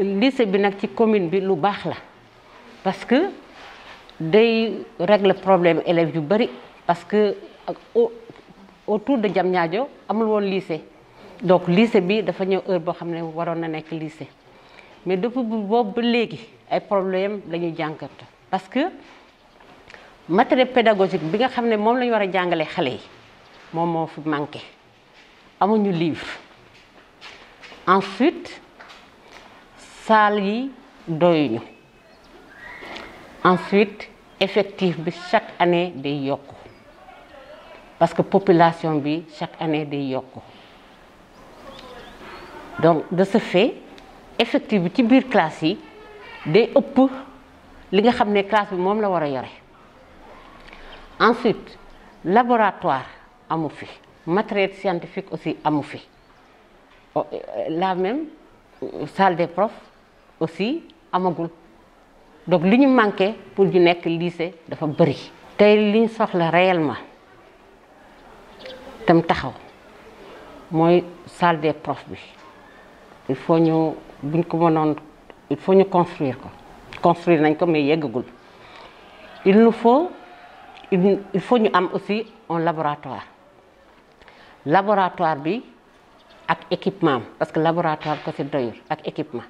lycée bi nak ci commune bi lu bax la parce que day régler problème élèves yu bari parce que autour de Diamniadio amul won lycée donc lycée bi dafa ñëw heure bo xamné ne na nek lycée mais depuis boobu légui ay problème la ñuy parce que matériel pédagogique bi nga xamné mom lañu wara jàngalé xalé a jàngalee xale yi moom fi manqué amuñu livre ensuite salle yi ensuite effectif chaque année de Yoko, parce que population bi chaque année de Yoko. donc de ce fait effectif bi ci biir classe yi day ëpp li nga xam ensuite laboratoire amu matériel scientifique aussi amu oh, euh, la même salle des profs aussi amagul donc li ñu manqué pour ñu nekk lycée dafa bëri. tey li ñu soxla réellement tam taxaw mooy salle des profs bi il faut ñu buñ ko mënoon il faut ñu construire ko construire nañ ko mais yëggagul il faut il faut ñu am aussi on laboratoire laboratoire bi ak équipement parce que laboratoire ko si doyul ak équipement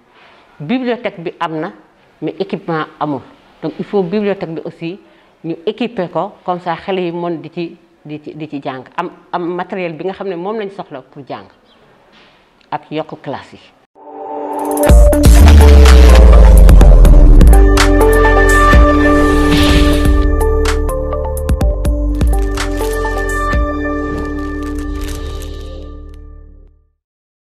bibliothèque bi am na mais équipement amul donc il faut bibliothèque bi aussi ñu équiper ko comme ça xale yi mën di ci di ci di ci jàng am am matériel bi nga xam ne moom lañ soxla pour jàng ak yokk classe yi